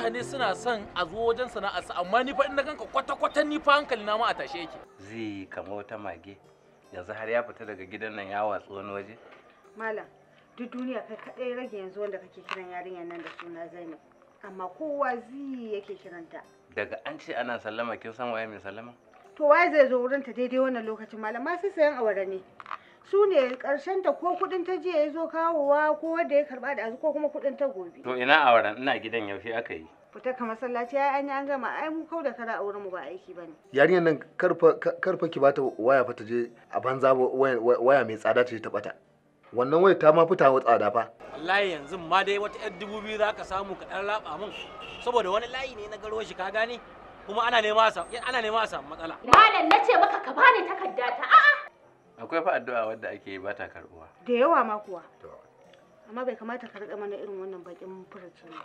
mutane suna son a zo wajen sana'arsa amma ni fa in na ganka kwata-kwata ni fa hankali na ma a tashe yake zai kama wata mage yanzu har ya fita daga gidan nan ya watsu wani waje malam duk duniya kai kadai rage yanzu wanda kake kiran yarinyar nan da suna Zainab amma kowa zai yake kiranta daga an ce ana sallama kin san waye mai sallama to waye zai zo wurinta daidai wannan lokacin malam ma sai sayan awara ne su ne karshen ta ko kudin ta jiya ya zo kawowa ko wanda ya karba da ko kuma kudin ta gobe to ina auren ina gidan yaushe aka yi fita ka masallaci ai an an gama ai mu kau da kara auren mu ba aiki bane yarinyar nan karfa karfa ki bata waya fa ta je a banza waya mai tsada ta je ta bata wannan waya ta ma fita wa tsada fa wallahi yanzu ma dai wata ƴar dubu biyu ka samu ka dan raba mun saboda wani layi ne na garo shi ka gani kuma ana nema ana nema a samu matsala malam nace maka ka bani takarda ta a'a akwai fa addu'a wadda ake yi ba ta karbuwa da yawa ma kuwa amma bai kamata ka riƙa mana irin wannan bakin furucin ba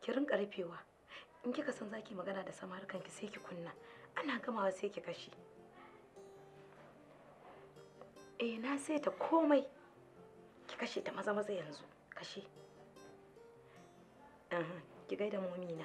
ki rinka rufewa in kika san zaki magana da samarukan ki sai ki kunna ana gamawa sai ki kashe eh na sai ta komai ki kashe ta maza maza yanzu kashe ki gaida momina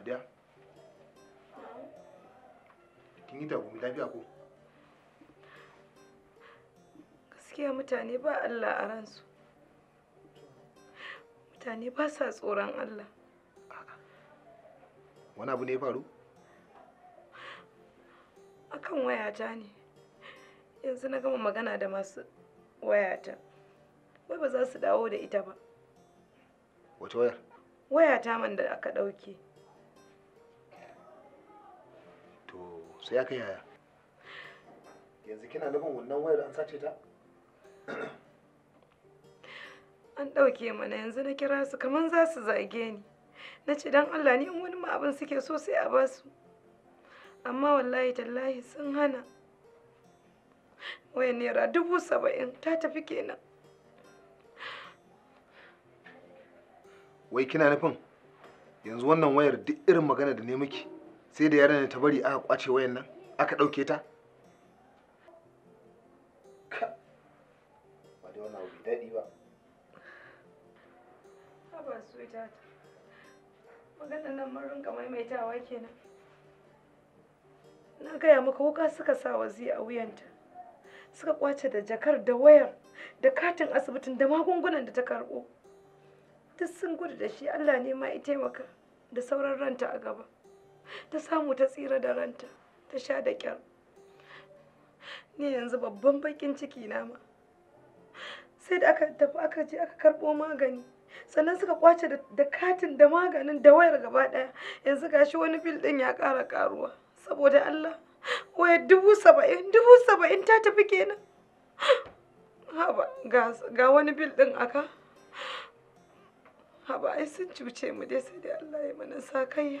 Sadiya? Kin yi tagumi lafiya ko? Gaskiya mutane ba Allah a ransu. Mutane ba sa tsoron Allah. Wani abu ne ya faru? Akan wayata ne. Yanzu na gama magana da masu wayata. Wai ba za su dawo da ita ba. Wace wayar? Wayata man da aka ɗauke. sai aka yaya yanzu kina nufin wannan wayar an sace ta an ɗauke mana yanzu na kira su kamar za su zage ni na ce don allah ni in wani ma abin suke so sai a ba su amma wallahi tallahi sun hana wayar naira dubu saba'in ta tafi kenan wai kina nufin yanzu wannan wayar duk irin magana da ne miki sai da yaran ta bari aka kwace wayan nan aka ɗauke ta ba. Haba nan kenan. Na gaya maka wuka suka sa wazi a wuyanta. Suka kwace da jakar da wayar da katin asibitin da magungunan da ta karɓo. Duk sun gudu da shi Allah ne ma ya taimaka da sauran ranta a gaba. ta samu ta tsira da ranta ta sha da kyar ni yanzu babban bakin ciki na ma sai da aka tafi aka je aka karbo magani sannan suka kwace da katin da maganin da wayar gaba ɗaya yanzu gashi wani bil ɗin ya kara karuwa saboda Allah Waya dubu saba'in dubu saba'in ta tafi kenan haba ga wani bil ɗin aka haba ai sun cuce mu dai sai dai Allah ya mana sakayya.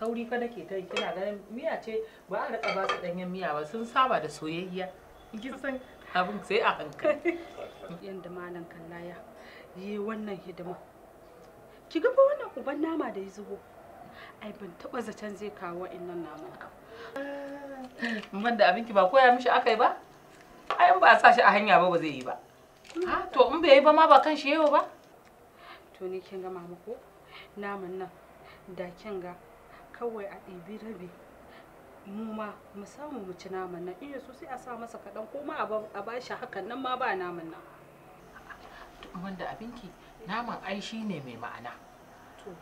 sauri ka nake ta yi kina ganin miya ce ba a rika ba su danyen miya ba sun saba da soyayya kin san abin sai a hankali yanda malam Kallaya yi wannan hidima ki ga fa wannan uban nama da ya zubo ai ban taba zaton zai kawo wa'annan naman ka Ban da abinki ba koya mishi akai ba ai in ba a sa shi a hanya ba ba zai yi ba ha to in bai yi ba ma ba kan shi yau ba to ni kin ga mamako naman nan da kin ga kawai a ɗibi rabi mu ma mu samu mu ci naman nan iya so sai a sa masa kaɗan ko ma a ba shi hakan nan ma ba naman nan wanda abinki naman ai shi ne mai ma'ana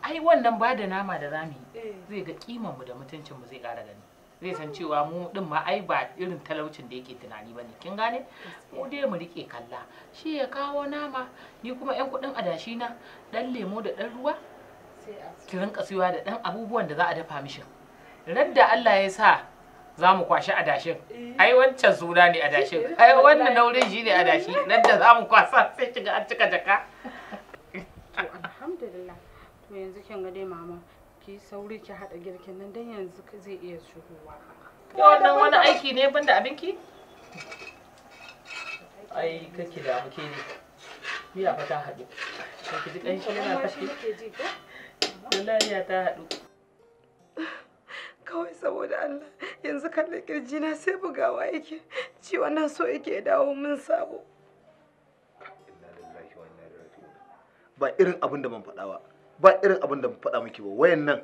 ai wannan ba da nama da rami eh. zai ga kiman mu da mutuncin mu zai ƙara gani zai san mm. cewa mu din ma ai ba irin talaucin da yake tunani bane kin gane mu dai mu rike kalla shi ya kawo nama ni kuma yan kuɗin adashi na dan lemo da ɗan ruwa ki rinka siyowa da ɗan abubuwan da za a dafa mishin radda Allah ya sa za mu kwashi adashin eh. ai wancan suna ne adashin ai wannan naurin shi ne adashi radda za mu kwasa sai shiga an cika jaka alhamdulillah to yanzu kin ga dai mama ki sauri ki hada girkin nan dan yanzu zai iya shigowa ko wannan wani aiki ne banda abinki ai kake da muke ne ya fata ta haɗu kake ji kanshi yana kashi Wallahi ta haɗu. Kawai saboda Allah yanzu kalle kirji na sai bugawa yake ci wannan so yake dawo min sabo. Ba irin abin da ban faɗa ba, ba irin abin da ban faɗa miki ba, wayan nan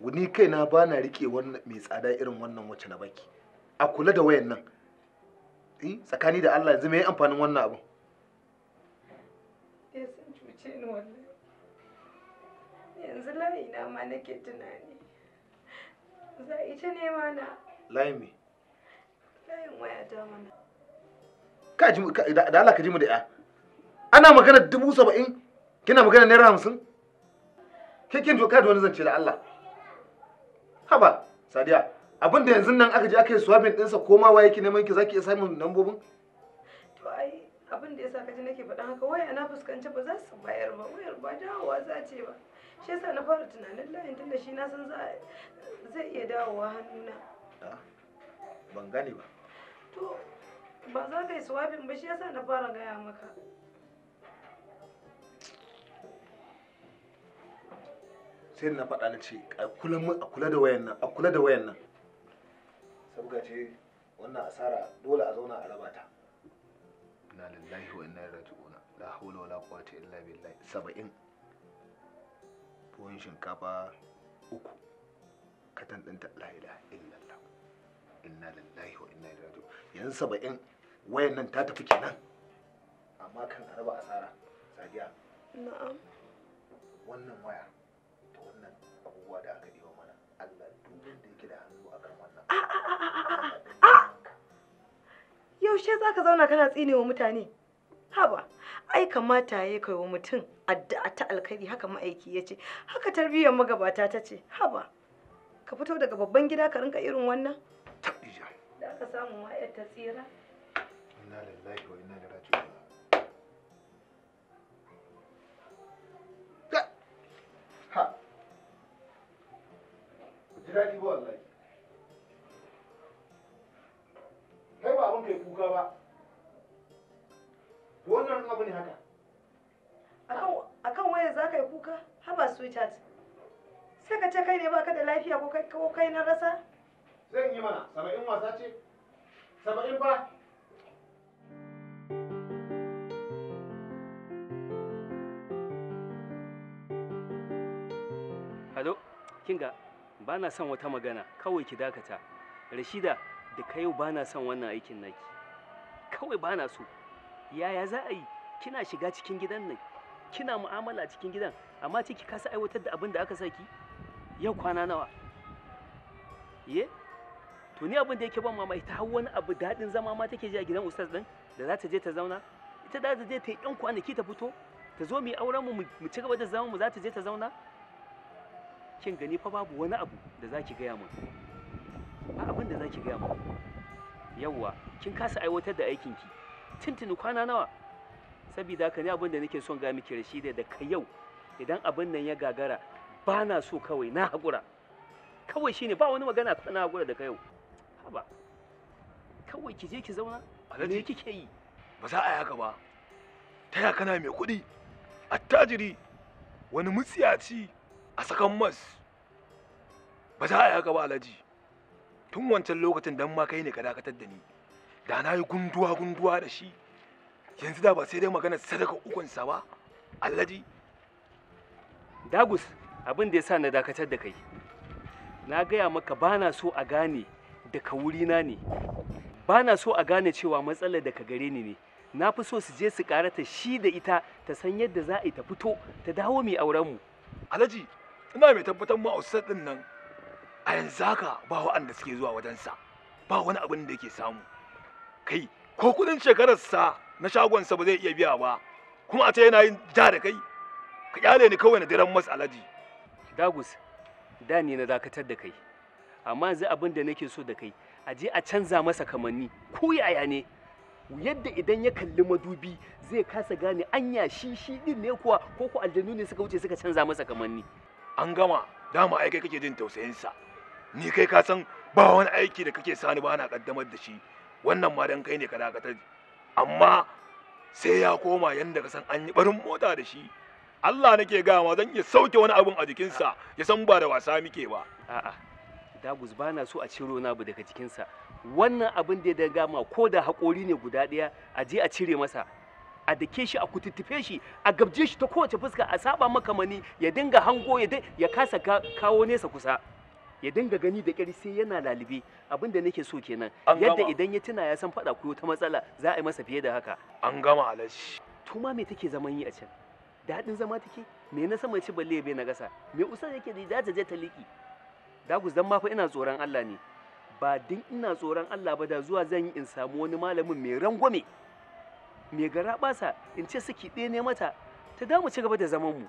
ni kai na ba na riƙe mai tsada irin wannan wacce na baki. A kula da wayan nan, eh, tsakani da Allah yanzu me amfanin wannan abin? Ya eh, san cuce ni wallahi. yanzu layi na ma nake tunani za ita ne mana Layi me layin waya ta mana ka ji da Allah ka ji mu da ya ana magana dubu saba'in kina magana naira hamsin ke kin doka da wani zance da Allah haba sadiya abinda yanzu nan aka je aka yi swapping ɗinsa ko ma waye ki neman ki zaki iya samun lambobin to ai abin da yasa kaji nake faɗa haka waya na fuskanci ba za su bayar ba wayar ba dawowa za ce ba shi yasa na fara tunanin layin tunda shi na san zai iya dawowa hannuna ah, ban gane ba to ba za ka yi swabin ba shi yasa na fara gaya maka sai na faɗa na ce a kula da wayan nan a kula da wayan nan sabga ce wannan asara dole a zauna a raba ta na lillahi wa inna ilaihi raji'un la hawla wala quwwata illa billahi 70 buhun shinkafa uku katan ɗinta la ilaha illallah inna lallahi wa inna ilaihi raji'un yanzu saba'in wayan nan ta tafi kenan amma kan araba raba asara sadiya na'am wannan waya ta wannan abubuwa da aka ɗiba mana Allah duk wanda yake da hannu a kan wannan yaushe za ka zauna kana tsinewa mutane haba ai kamata ya kai wa mutum addu'a ta alkhairi haka ma'aiki ya ce haka tarbiyyar magabata ta ce haba ka fito daga babban gida ka rinka irin wannan da aka samu ma'aikata tsira sweetheart sai ka ce kai ne baka da lafiya ko kai ko kai na rasa zan yi mana saba'in wasa ce saba'in ba Hado, kinga ba na son wata magana kawai ki dakata. Rashida da ka yau ba na son wannan aikin naki. Kawai ba na so. Yaya za a yi kina shiga cikin gidan nan kina mu'amala a cikin gidan amma ce ki kasa aiwatar da abin da aka saki yau kwana nawa ye to ni abin da yake ban mamaki ta wani abu daɗin zama ma take ji a gidan ustaz din da za ta je ta zauna ita da ta je ta yi kwana, kwanaki ta fito ta zo mu yi auren mu mu ci gaba da zama mu za ta je ta zauna kin gani fa babu wani abu da za ki gaya min ba abin da za ki gaya min yawwa kin kasa aiwatar da aikinki tuntuni kwana nawa saboda haka ne abin da nake son ga miki Rashida da ka yau idan abin nan ya gagara ba na so kawai na hakura. kawai shine ba wani magana na hakura da ka yau haba kawai ki je ki zauna me kike yi ba za a yi haka ba ta ya kana mai kuɗi attajiri wani mutsiyaci a sakan mas ba za a yi haka ba alhaji tun wancan lokacin dan ma kai ne ka dakatar da ni da na yi gunduwa gunduwa da shi yanzu da ba sai dai magana sadaka ukunsa ba alhaji dagus abin da ya sa na dakatar da kai na gaya maka bana so a gane daga wurina ne bana so a gane cewa matsalar daga gare ni ne na fi so su je su karata shi da ita ta san yadda za a yi ta fito ta dawo mai auren mu alhaji ina mai tabbatar ma ustad din nan a yanzu haka ba wa'anda suke zuwa wajensa ba wani abin da yake samu kai ko kudin shekarar sa na shagonsa ba zai iya biya ba kuma a ta yana yin ja da kai ka kyale ni kawai na diran mas alaji dagus da ne na dakatar da kai amma yanzu abin da nake so da kai a je a canza masa kamanni ko yaya ne yadda idan ya kalli madubi zai kasa gane anya shi shi din ne kuwa ko ku aljanu ne suka wuce suka canza masa kamanni an gama dama ai kai kake jin tausayinsa ni kai ka san ba wani aiki da kake sani ba na kaddamar da shi wannan ma dan kai ne ka dakatar amma sai ya koma yadda ka san an yi barin mota da shi Allah nake gama zan iya sauke wani abin a jikinsa ya san ba da wasa muke ba a'a dagus ba na so a ciro na abu daga jikinsa wannan abin da ya daga ma ko da haƙori ne guda ɗaya a je a cire masa a dake shi a kututtufe shi a gabje shi ta kowace fuska a saba makamani ya dinga hango ya kasa kawo nesa kusa ya dinga gani da ƙyar sai yana lalibe abin da nake so kenan yadda idan ya tuna ya san faɗa ko ta matsala za a yi masa fiye da haka an gama to tuma me take zaman yi a can daɗin zama take me na sama ci balle bai na gasa me usan yake da ta je ta liki da ku zan ma fa ina tsoron Allah ne ba din ina tsoron Allah ba da zuwa zan yi in samu wani malamin mai rangwame mai gara basa in ce saki ɗaya ne mata ta damu ci gaba da zaman mu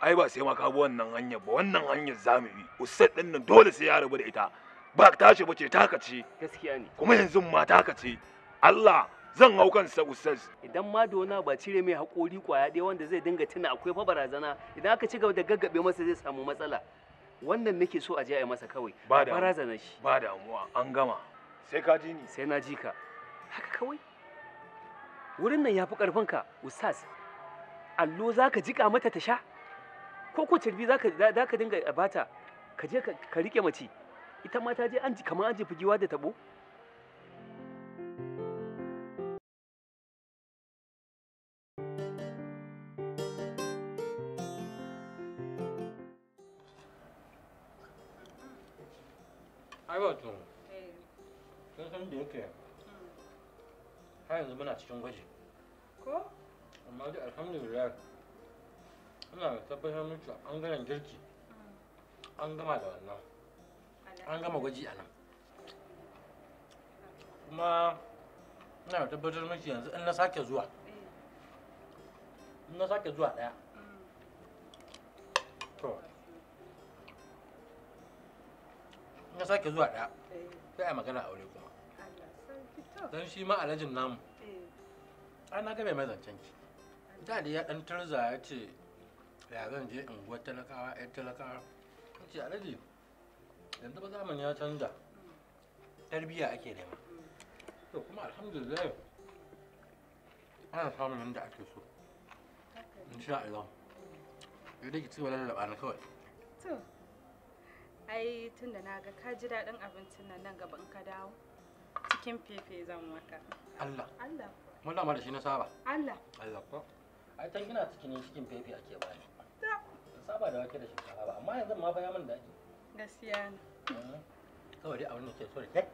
ai ba sai ma ka wannan hanyar ba wannan hanyar zamu bi ustad din nan dole sai ya rabu da ita ba tashi bace taka ce gaskiya ne kuma yanzu ma taka ce Allah zan hau kansa ustaz idan ma dona ba cire mai haƙori kwaya daya wanda zai dinga tuna akwai fa barazana idan aka ci gaba da gaggabe masa zai samu matsala wannan nake so a je a masa kawai ba barazana shi ba damuwa an gama sai ka ji ni sai na ji ka haka kawai wurin nan ya fi ka ustaz allo za ka jiƙa mata ta sha ko ko cirbi za ka dinga bata ka je ka rike mace ita ma ta je an ji kamar an ji giwa da tabo Aiwatu, sun eh. san da yake har yanzu muna cikin gwaji. girki an gama da wannan an gama gwaji a nan kuma ina tabbatar miki yanzu in na sake zuwa in na sake zuwa ɗaya to in na sake zuwa ɗaya sai a magana aure kuma don shi ma alajin namu eh. ana ga mai zancen ki da ya ɗan turza ya ce ya zan je unguwar talakawa yan talakawa ce alaji yanzu ba zamani ya canza tarbiyya ake nema to kuma alhamdulillah ana samun yadda ake so insha Allah ya ki ci wani laba na kawai to ai tun da na ga ka ji daɗin abincin nan nan gaba in ka dawo cikin fefe zan maka Allah Allah mun da shi na saba Allah Allah ko ai tan ina cikin cikin fefe ake bani da wake da shinkafa ba amma yanzu ma fa ya min daɗi gaskiya ne kawai eh, dai abin da ke so da ke eh.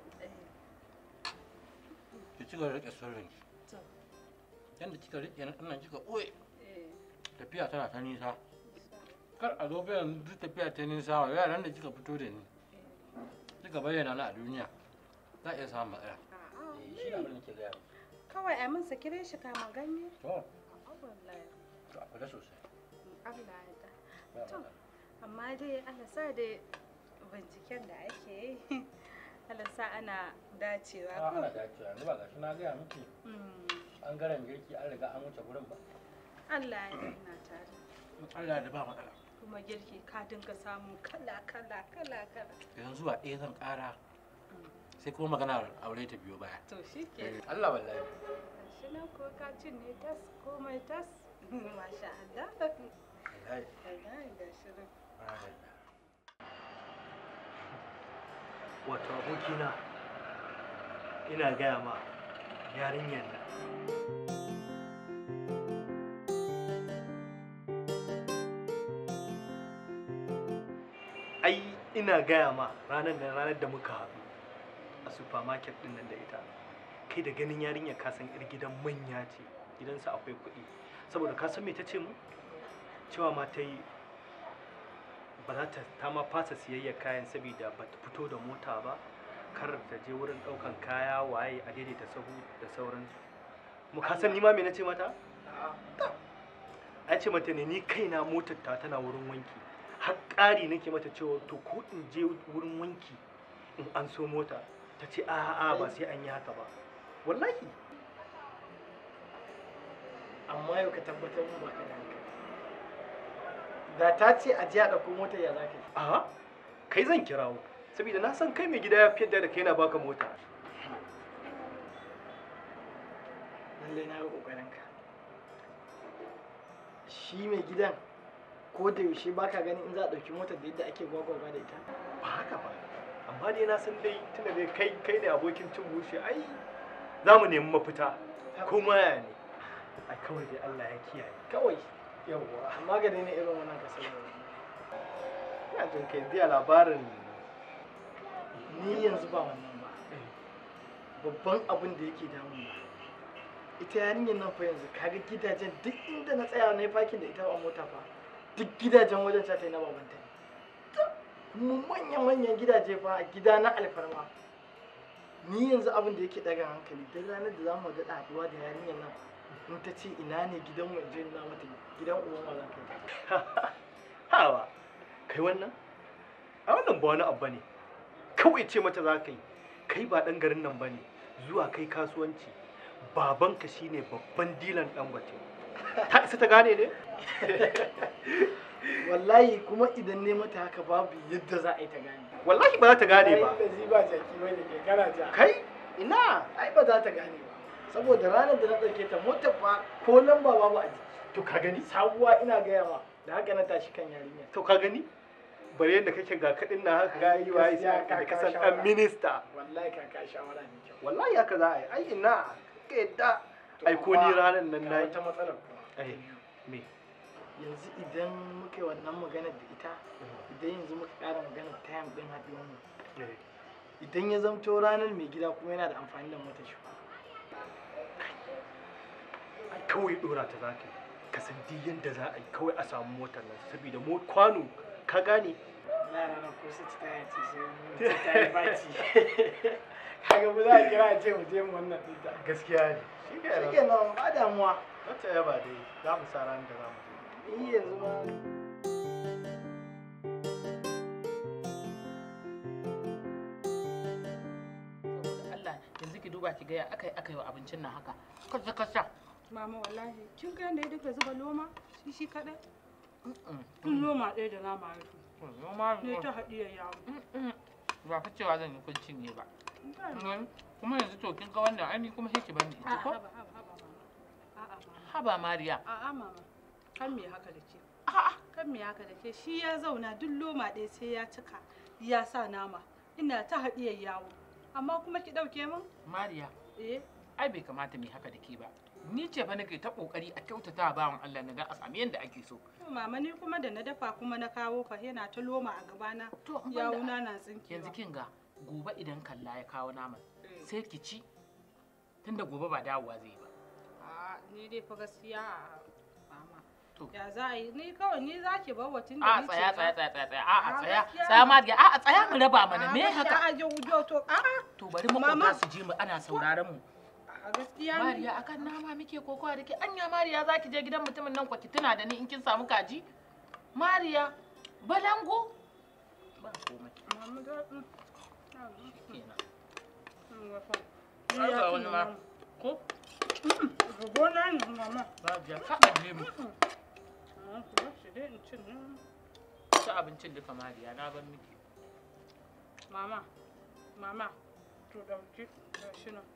ki ci gaba rike sirrin ki kika rike nan kika eh. tafiya tana ta nisa kar a zo bayan duk tafiya ta nisa wa yaran da kika fito da ni kika bayyana na a duniya za a iya samun matsala shi abin da ke gaya kawai a min sakirin shi kama ganye to a kula sosai Allah amma dai alasa dai binciken da ake yi alasa ana dacewa ko ana dacewa ba ga shi na gaya miki hmm. girki an riga an wuce gurin ba Allah ya na tare Allah da ba matsala kuma girki ka dinga samu kala kala kala kala yanzu ba ɗaya zan ƙara sai kuma magana aure ta biyo baya to shi ke eh. Allah wallahi shi ko ka cin ne tas komai tas masha Allah wato abokina ina gaya ma yarinyar nan ai ina gaya ma ranar da ranar da muka haɗu a supermarket din nan da ita kai da ganin yarinya ka san 'yar gidan manya ce gidansa akwai kuɗi saboda ka san me ta ce mu cewa ma ta yi ba za ta ta ma fasa siyayya kayan saboda ba ta fito da mota ba kar ta je wurin ɗaukan kaya waye a daidaita sahu da sauransu mu ka san nima me na ce mata a ce mata ne ni kaina motar ta tana wurin wanki har ƙari nake mata cewa to ko in je wurin wanki in an so mota ta ce a'a ba sai an yi haka ba wallahi amma yau ka tabbatar mu ba ka da ta ce a je a ɗauko motar ya zaka a kai zan kirawo saboda na san kai mai gida ya fiye da kai na baka mota lalle na ga ka. shi mai gidan ko da yaushe baka gani in za a ɗauki motar da yadda ake gwagwagwa da ita ba haka ba amma dai na san dai tuna dai kai kai ne abokin cin bushe ai za mu nemi mafita kuma ya ne a kawai dai Allah ya kiyaye kawai yawwa magani ne irin wannan kasar ina jin kai biya labarin ni yanzu ba wannan ba babban abin da yake damun ita yarinyar nan fa yanzu kaga gidajen duk inda na tsaya na yi fakin da ita a mota fa duk gidajen wajen ta yi na babanta mu manya-manyan gidaje fa a gida na alfarma ni yanzu abin da yake daga hankali duk ranar da za mu daɗa haɗuwa da yarinyar nan in ta ce ina ne gidan mu je na mata gidan uwan ma zan kai hawa kai wannan a wannan ba wani abu ne kawai ce mata za ka yi kai ba dan garin nan ba ne zuwa kai kasuwanci babanka shine babban dilan dangote ta isa ta gane ne wallahi kuma idan ne mata haka babu yadda za a yi ta gane wallahi ba za ta gane ba kai ina ai ba za ta gane ba saboda ranar da na ɗauke ta motar ba ko lamba babu a to ka gani sabuwa ina gaya ma da haka na tashi kan yarinya to ka gani bari yadda kake ga kadin na haka ga yi wayi sai ka kasan dan minista wallahi ka ka shawara ne kyau wallahi haka za a yi ai ina ka yadda ai ko ni ranar nan nayi ta matsalar ai eh, me yanzu idan muka yi wannan magana da ita idan yanzu muka ƙara magana time din haɗuwar mu eh. idan ya zamto ranar mai gida kuma yana da amfani da motar shi kawai dora ta za ka san di yadda za a yi kawai a samu motar nan saboda mo kwano ka gane na ko su ta ya ce sai ta ya baci kaga mu za a kira ce mu je wannan gaskiya ne shi ba damuwa wata yaba dai za mu sa ran da za mu je yanzu ma duba ki gaya aka yi aka yi wa abincin nan haka kasa Mama wallahi kin ga yadda duka zuba loma shi shi kaɗai? Tun loma ɗaya da nama ya fi. Loma ne ta ya yawo. Ba fa cewa zan yi kuncin ne ba. Kuma yanzu to kin ga wannan ai kuma sai ki bani ita ko? Haba Mariya. A'a mama. Kan me haka da ke? A'a kan me haka da ke? Shi ya zauna duk loma ɗaya sai ya cika ya sa nama. Ina ta ya yawo. Amma kuma ki ɗauke min? Mariya. Eh. Ai bai kamata mu haka da ke ba. ni ce fa nake ta kokari a kyautata bawan Allah na ga a sami yanda ake so mama ni kuma da na dafa kuma na kawo fa yana ta loma a gaba ya yawuna na tsinki yanzu kin ga gobe idan kalla ya kawo naman eh. sai ki ci tunda gobe ba dawowa zai ba a ni dai fa gaskiya mama ya za a yi ni kawai ni za ki bar watin da ni ce a tsaya tsaya tsaya tsaya a tsaya tsaya ma da a tsaya mu raba mana me haka a je wujo to a to bari mu su je mu ana sauraron mu A gaskiya Mariya akan nama muke kokowa da ke anya Mariya za ki je gidan mutumin nan kwa tuna da ni in kin samu kaji. Mariya balango. Ba komai. Mamu da mm. Mm, wani ma. Ko? Mm. mama. ka abincin duka Mariya na miki. Mama, mama, to dauki nan.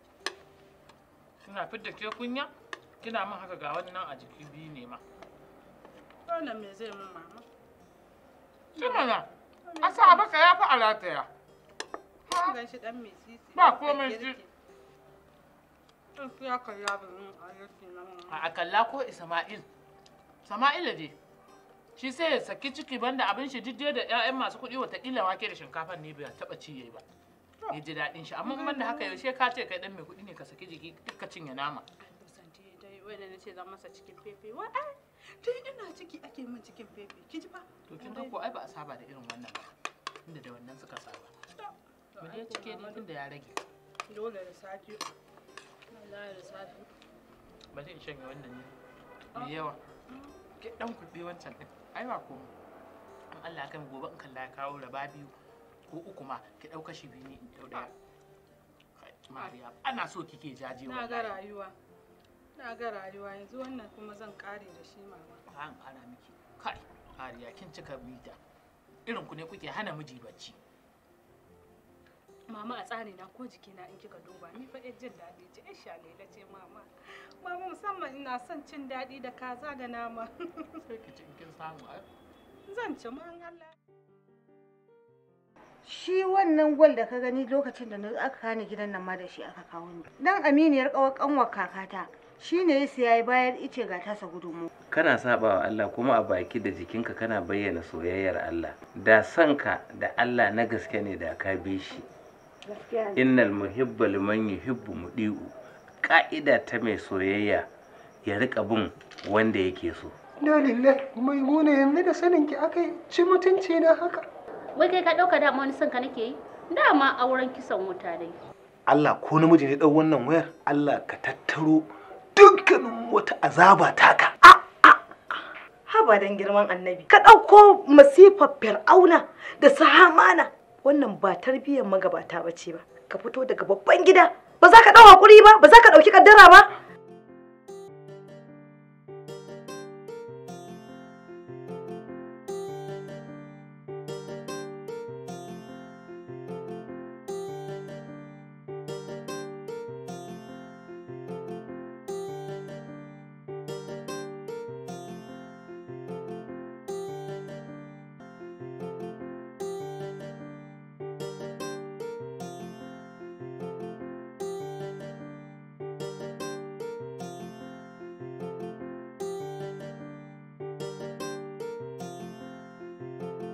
Kina fidda ke kunya? Kina min haka ga wannan a jiki biyu ne ma. Dole me zai min mama? Kimana, asa a baka ya fi alataya. Gan Ba komai shi. Ya a kalla ko Isma'il. Sama'ila dai. Shi sai ya saki ciki banda abin shi duk da 'ya'yan masu kuɗi wataƙila wake da shinkafa ne bai taɓa ci yayi ba. Ya ji daɗin shi, amma ban da haka yaushe ka ce kai ɗan mai kuɗi ne ka saki cinye nama wanda na ce cikin kin da irin wannan inda da wannan suka saba mu cike ne ya rage ba zai shanye wannan ne ah. mai yawa dan hmm. wancan ai ba in Allah ya kai gobe in kalla ya kawo raba biyu ko uku ma ki ɗauka shi biyu ne in ɗau Mariya ana so kike jaje wa. Na ga rayuwa. Na ga rayuwa yanzu wannan kuma zan kare da shi mama. An kara miki. Kai Mariya kin cika bita. Irin ku ne kuke hana miji bacci. Mama a tsari na ko jikina in kika duba ni fa yar jin daɗi ce yar shalela ce mama. Mama musamman ina son cin daɗi da kaza da nama. Sai ki ci kin samu Zan ci ma Allah. shi wannan gwal da ka gani lokacin da aka kani gidan nan ma da shi aka kawo ni dan aminiyar kawar kanwar kakata shi ne ya siya ya bayar ice ga tasa gudunmu kana wa Allah kuma a baki da jikinka kana bayyana soyayyar Allah da sanka da Allah na gaske ne da ka bi shi innal muhibba liman yuhibbu mudiu ka'ida ta mai soyayya ya rika bin wanda yake so la mai maimuna yanzu da sanin ki aka ci mutunci na haka wai kai ka ɗauka dama wani son ka nake yi dama auren kisan wuta dai Allah ko namiji ne dau wannan wayar Allah ka tattaro dukkanin wata azaba taka a ah, ah, ah. haba dan girman annabi ka ɗauko masifar fir'auna da sahamana wannan ba tarbiyyar magabata bace ba ka fito daga babban gida ba za ka ɗau hakuri ba ba za ka ɗauki kaddara ba